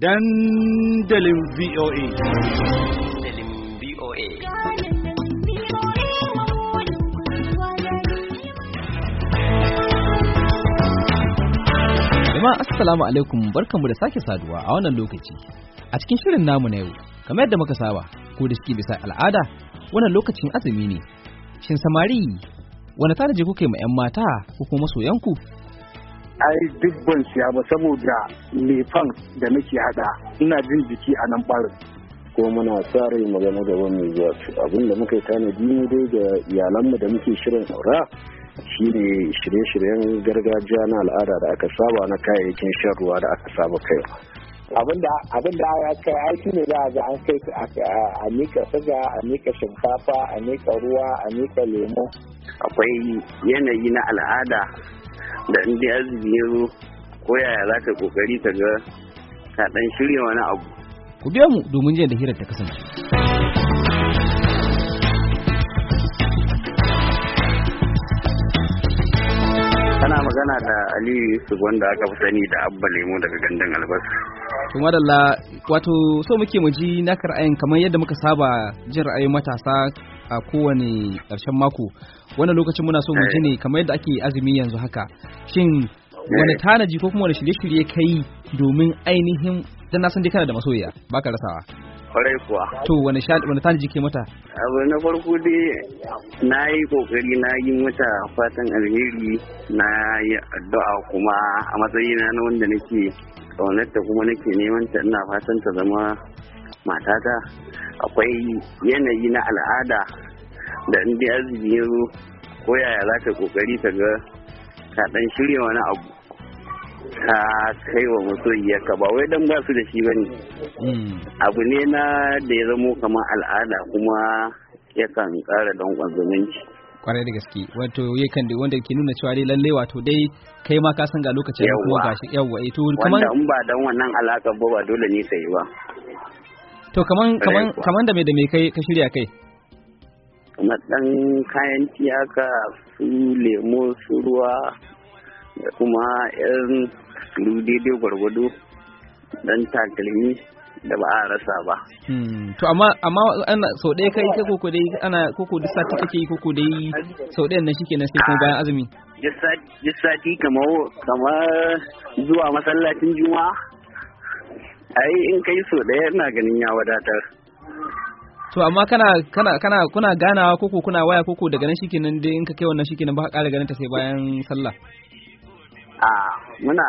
dandalin VOA. Dandalin VOA. Jama'a Assalamu alaikum barkanmu da sake saduwa a wannan lokaci. A cikin shirin namu na yau, kamar yadda muka saba, ko da suke bisa al'ada, wannan lokacin azumi ne. Shin samari, wani tanaji kuke ma 'yan mata ko kuma masoyanku ai duk ban siya ba saboda lefan da nake hada ina jin jiki a nan barin ko muna sa rai magana da wani zuwa abin da muka yi tanadi mu dai da iyalanmu da muke shirin aura shine shirye-shiryen gargajiya na al'ada da aka saba na kayayyakin shan ruwa da aka saba kai. Abin da ya kai aiki ne za a ga an kai a mika suga a mika shinkafa a mika ruwa a mika lemo akwai yanayi na al'ada da in dai azumi ya zo ko yaya za ka kokari ka ga ka dan shirya wani abu ku biya mu domin jin da hirar ta kasance kana magana da aliyu yusuf wanda aka fi sani da abba lemo daga gandun albasa to wato so muke mu ji naka ra'ayin kamar yadda muka saba jin ra'ayin matasa a kowane ƙarshen mako wannan lokacin muna so mu ji eh. ne kamar yadda ake azumi yanzu haka shin wani eh. tanaji ko kuma wani shirye-shirye yi domin ainihin dan na san dai kana da masoya baka rasawa kwarai kuwa to wani sha wani tanaji ke mata abu na farko dai na yi kokari na yi mata fatan alheri na yi addu'a kuma a matsayina na wanda nake kaunarta kuma nake neman ta ina fatan ta zama matata akwai yanayi na al'ada da inda ya zo ko yaya za ka kokari ka ga ka dan shirya wani abu ka kai wa masoyiyarka ba wai dan ba su da shi ba ne hmm. abu ne na da ya zamo kamar al'ada kuma ya kan ƙara danƙon zumunci kwarai da gaske wato kan da wanda ke nuna cewa dai lalle wato dai kai ma ka san ga lokacin da kuma gashi yawa eh to kamar wanda in ba dan wannan alaka ba ba dole ne sai ba To kaman kaman kaman da me da me kai ka shirya kai? Kamar ɗan kayan tiyaka su lemo su ruwa da kuma yan su daidai gwargwado dan takalmi da ba a rasa ba. Hmm, to amma amma ana sau ɗaya kai kai koko dai ana koko duk sati kake yi koko dai sau ɗayan nan shikenan sai kuma bayan azumi. Duk sati kamar kamar zuwa masallacin juma'a. ai in kai so ɗaya ina ganin ya wadatar to amma kana kana kana kuna ganawa koko kuna waya koko daga nan shikenan dai in ka kai wannan shikenan ba ka ƙara ganin ta sai bayan sallah a muna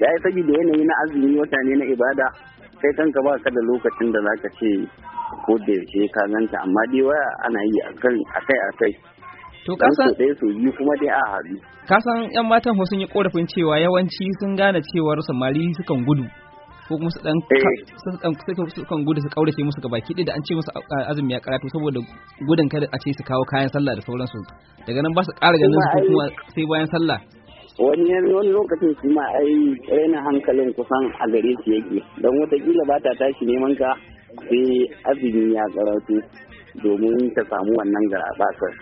ya yi sabi da yanayi na azumi wata ne na ibada sai kanka ba ka da lokacin da zaka ce ko da yaushe ka ganta amma dai waya ana yi akan akai akai to ka san ɗaya so kuma dai a hadu ka san yan matan sun yi korafin cewa yawanci sun gane cewar samari sukan gudu ko kuma su dan eh. su kan gudu su kaurace musu ga baki da an ce musu azumi ya karatu saboda gudun kada a ce su kawo kayan sallah da sauransu daga nan ba su ƙara ganin su kuma sai bayan sallah wani wani lokacin shi ma ai raina hankalin kusan a gare su yake don watakila ba ta tashi neman ka sai azumi ya karatu domin ta samu wannan garabasar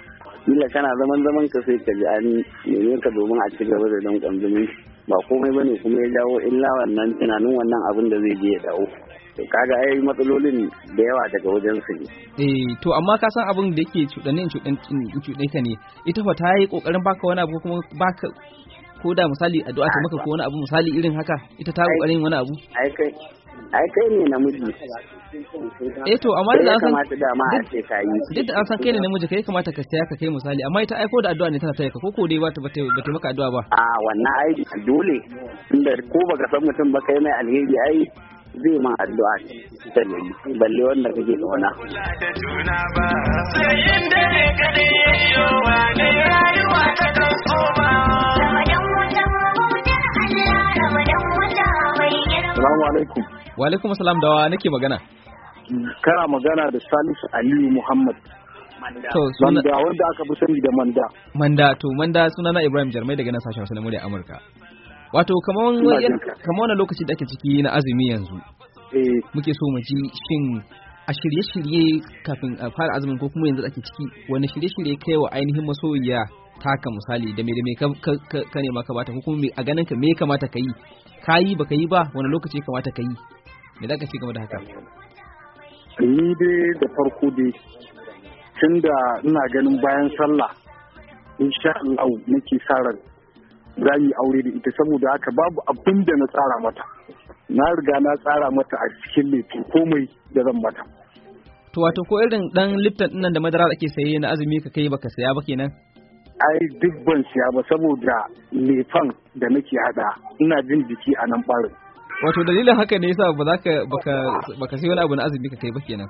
kila kana zaman zaman ka sai ka ji an neme ka domin a ci gaba da dan zumunci ba komai ba ne kuma ya jawo illa wannan tunanin wannan abin da zai je ya dawo kaga ai matsalolin da yawa daga wajen su ne. Eh to amma ka san abin da yake cuɗanin cuɗe ka ne ita fa ta yi kokarin baka wani abu kuma baka ko da misali addu'a ta maka ko wani abu misali irin haka ita ta kokarin wani abu. Ai kai ai kai ne namiji eh to amma da san duk da an san kai ne namiji kai kamata ka saya ka kai misali amma ita aiko da addu'a ne tana taya ka ko ko dai ba ta ba ta maka addu'a ba a wannan ai dole inda ko baka san mutum ba kai mai alheri ai zai ma addu'a ta ne balle wanda kake kauna sai inda ne kadai yayo wa ne rayuwa ta ba Assalamu alaikum. wa alaikum assalam da wa nake magana kana magana da salisu aliyu muhammad to suna manda wanda aka fi sani da manda manda to manda suna na ibrahim jarmai daga nan sashen wasu na amurka wato kamar wani lokaci da ake ciki na azumi yanzu eh. muke so mu ji shin a shirye-shirye kafin a fara azumin ko kuma yanzu ake ciki wani shirye-shirye kai wa ainihin masoyiya taka misali da me da me ka nema ka bata ko kuma a ganin ka me kamata ka yi ka yi baka yi ba wani lokaci kamata ka yi me za ka ce game da haka ni dai da farko dai tun da ina ganin bayan sallah insha Allah nake sa ran za yi aure da ita saboda haka babu abin da na tsara mata na riga na tsara mata a cikin laifin komai da zan mata to wato ko irin dan liftan dinnan da madara ake saye na azumi ka kai baka saya ba kenan ai duk ban saya ba saboda lefan da nake hada ina jin jiki a nan barin wato dalilin haka ne yasa ba za ka baka sai wani abu na azumi ka kai ba kenan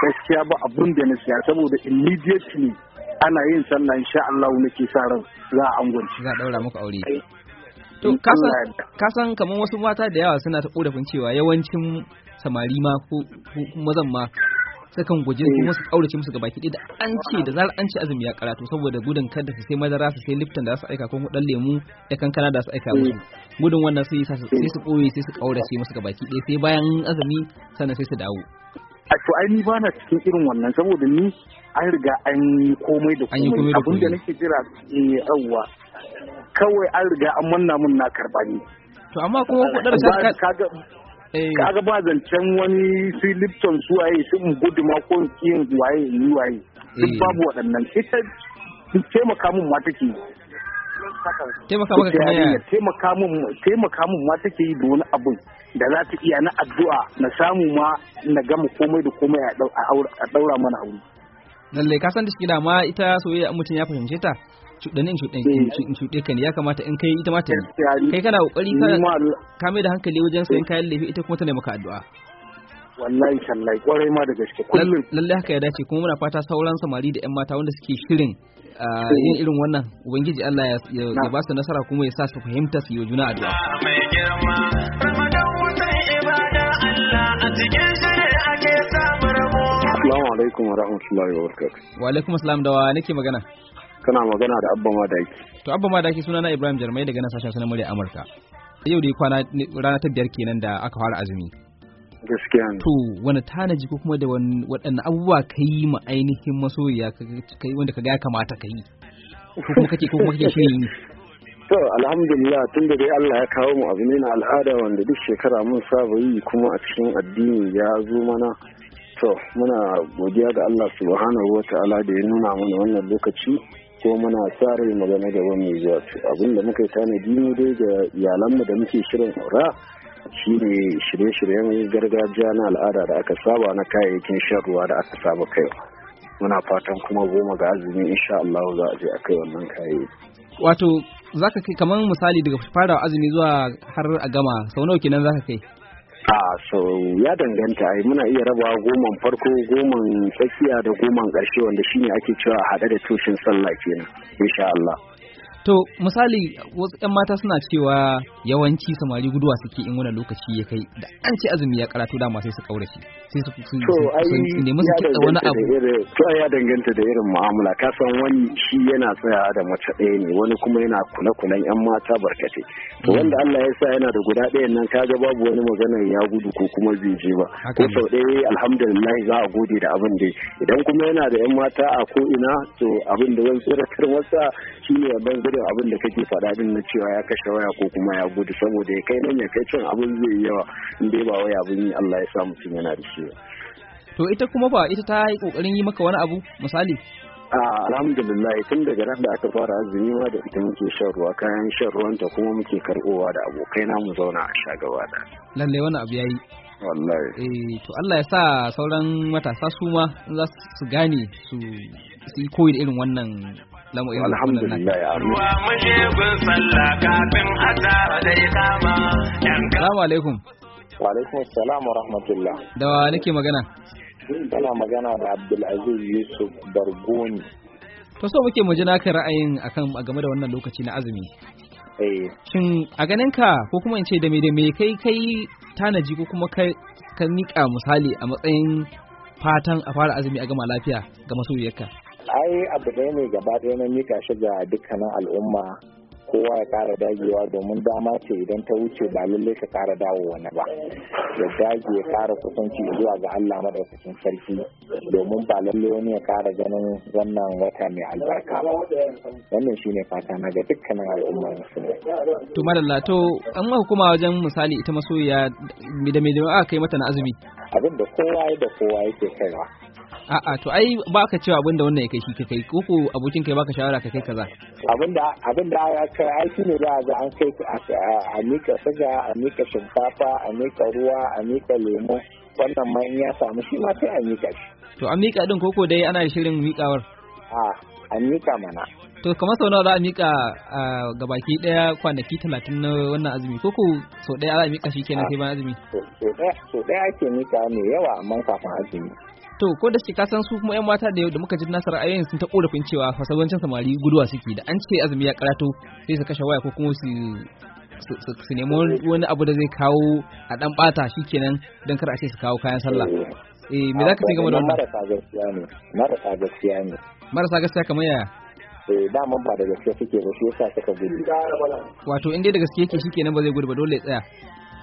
gaskiya ba abun da na siya saboda immediately ana yin sallah insha Allah ke sa ran za a angonci za a daura muku aure eh. to kasan kamar wasu mata da yawa suna ta korafin cewa yawancin samari ma ko mazan ma sukan guje eh. kuma su kaurace musu gabaki da an ce da zarar an ce azumi ya karatu saboda gudun kada su sai madara su sai liftan da za su aika ko dan lemu da kankana da su aika eh. musu gudun wannan sai eh. sai su koyi sai su kaurace musu gabaki ɗaya sai bayan azumi sannan sai su dawo a to ai ni ba na cikin irin wannan saboda ni an riga an yi komai da komai abin da nake jira eh yawa kawai an riga an manna mun na karba ni to amma kuma kudar ka Eh. kaga ba zancen wani su lipton su waye su gudu ma ko waye yi waye duk eh. babu waɗannan ita taimaka mun ma take taimaka maka taimaka mun taimaka mun ma take yi da wani abun da za ta iya na addu'a na samu ma na gama komai da komai a daura mana aure lallai ka san da shi ma ita soyayya mutum ya fahimce ta cuɗanin eh. cuɗe ka ne ya kamata in kai ita ma ta yi kai kana kokari ka mai da hankali wajen sayan eh. kayan lefi ita kuma ta maka addu'a wallahi sallai kwarai ma da gaske kullum lallai haka ya dace kuma muna fata sauran samari da yan mata wanda suke shirin eh. yin irin wannan ubangiji Allah ya ba su nasara kuma ya sa su fahimta su yi wa juna addu'a mai Assalamu alaikum wa rahmatullahi wa barakatuh. Wa alaikum assalam da wa nake magana? kana magana da abba madaki to abba madaki suna na ibrahim jarmai daga nan sashen sunan murya amurka yau dai kwana rana ta biyar kenan da aka fara azumi gaskiya to wani tanaji ko kuma da waɗanne abubuwa ka yi ma ainihin masoyiya wanda ka ga ya kamata ka yi ko kuma kake ko kuma kake shirin yi to alhamdulillah tun da dai Allah ya kawo mu azumi na al'ada wanda duk shekara mun saba yi kuma a cikin addini ya zo mana to muna godiya ga Allah subhanahu wa ta'ala da ya nuna mana wannan lokaci ko muna tsarin magana da wani zuwa abin da muka yi tanadi ne dai ga iyalanmu da muke shirin aura ne shirye-shiryen gargajiya na al'ada da aka saba na kayayyakin shan ruwa da aka saba kaiwa muna fatan kuma goma ga azumi insha Allah za a je a kai wannan kayayyaki wato zaka kai kamar misali daga fara azumi zuwa har a gama sau nawa kenan zaka kai a so ya danganta ai muna iya rabawa goman farko goman tsakiya da goman ƙarshe wanda shine ake cewa haɗe da tushen sallah kenan insha Allah To misali wasu 'yan mata suna cewa yawanci samari guduwa suke in wani lokaci ya kai da an ce azumi ya karatu dama sai su kaura shi sai su su nemi su kitsa wani abu. To ya danganta da irin mu'amala ka san wani shi yana tsaya da mace ɗaya ne wani kuma yana kula kulan 'yan mata barkate. To hmm. wanda Allah ya sa yana da guda ɗayan nan kaga babu wani magana ya gudu ko kuma zai je ba. Ko sau ɗaya alhamdulillah za a gode da abin da idan kuma yana da 'yan mata a ko'ina ina to abin da wani tsoratar masa shi ne ban da abin da kake faɗa din na cewa ya kashe waya ko kuma ya gudu saboda ya kai nan ya kai can abin zai yawa in dai ba waya abin yi Allah ya sa mutum yana da shi to ita kuma ba ita ta yi kokarin yi maka wani abu misali alhamdulillah tun daga ran da aka fara azumi ma da ita muke shan ruwa kayan shan ruwanta kuma muke karbowa da abokai na mu zauna a sha gaba da lalle wani abu yayi wallahi eh to Allah ya sa sauran matasa su ma za su gane su yi koyi da irin wannan lamu'in alhamdulillah ya ruwa muje gun sallah kafin a tara da ikama alaikum wa alaikum assalam wa rahmatullah da wa nake magana kana magana da Abdulaziz Yusuf Bargoni to so muke mu ji naka ra'ayin akan game da wannan lokaci na azumi eh. shin a ganin ka ko kuma in ce da me da me kai kai tanaji ko kuma kai ka miƙa misali a matsayin fatan a fara azumi a gama lafiya ga masoyiyarka ai abu ɗaya ne gaba ɗaya na mika shi ga dukkanin al'umma kowa ya ƙara dagewa domin dama ce idan ta wuce ba lalle ka ƙara dawo wani ba ya dage ya ƙara kusanci zuwa ga Allah madaukakin sarki domin ba lalle wani ya ƙara ganin wannan wata mai albarka ba wannan shine fata na ga dukkanin al'umma musulmi to madalla to an hukuma wajen misali ita masoyiya da mai da aka kai mata na azumi abin da kowa da kowa yake kaiwa A'a to ai ba ka cewa abin da wannan ya kai shi ka kai ko ko abokin kai baka shawara ka kai kaza. Abinda abinda da ya kai ai shine ne za a ga an kai a mika suga, a mika shinkafa, a mika ruwa, a mika lemo. Wannan ma in ya samu shi ma sai a mika shi. To an mika din koko dai ana shirin mikawar. A an mika mana. To kamar sau nawa za a mika ga baki daya kwanaki talatin na wannan azumi koko sau daya za a mika shi kenan sai bayan azumi. Sau daya ake mika ne yawa amma kafin azumi. to ko da shi ka san su kuma yan mata da yau da muka ji nasara a yayin sun ta korafin cewa fasabancin samari guduwa suke da an ce azumi ya karato sai su kashe waya ko kuma su su nemo wani abu da zai kawo a dan bata shikenan dan kar a ce su kawo kayan sallah eh me zaka ce game da wannan marasa gaskiya ne marasa gaskiya ne marasa gaskiya kamar yaya eh mun ba da gaskiya suke ba shi yasa suka gudu wato inda da gaskiya yake shikenan ba zai gudu ba dole ya tsaya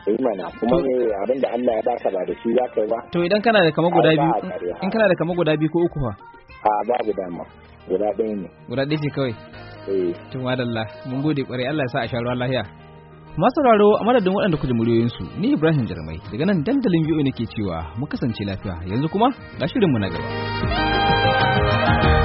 yi eh, kuma ne abin da Allah ya baka ba da shi za ka yi ba to idan kana da kama guda biyu in kana da kama guda biyu ko uku fa a ba guda ma guda ɗaya ne guda ɗaya ce kawai eh to madalla mun gode kwarai Allah ya sa a sha ruwa lafiya masauraro a madadin waɗanda ku ji muryoyinsu ni ibrahim jarmai daga nan dandalin biyu ne ke cewa mu kasance lafiya yanzu kuma ga shirinmu na gaba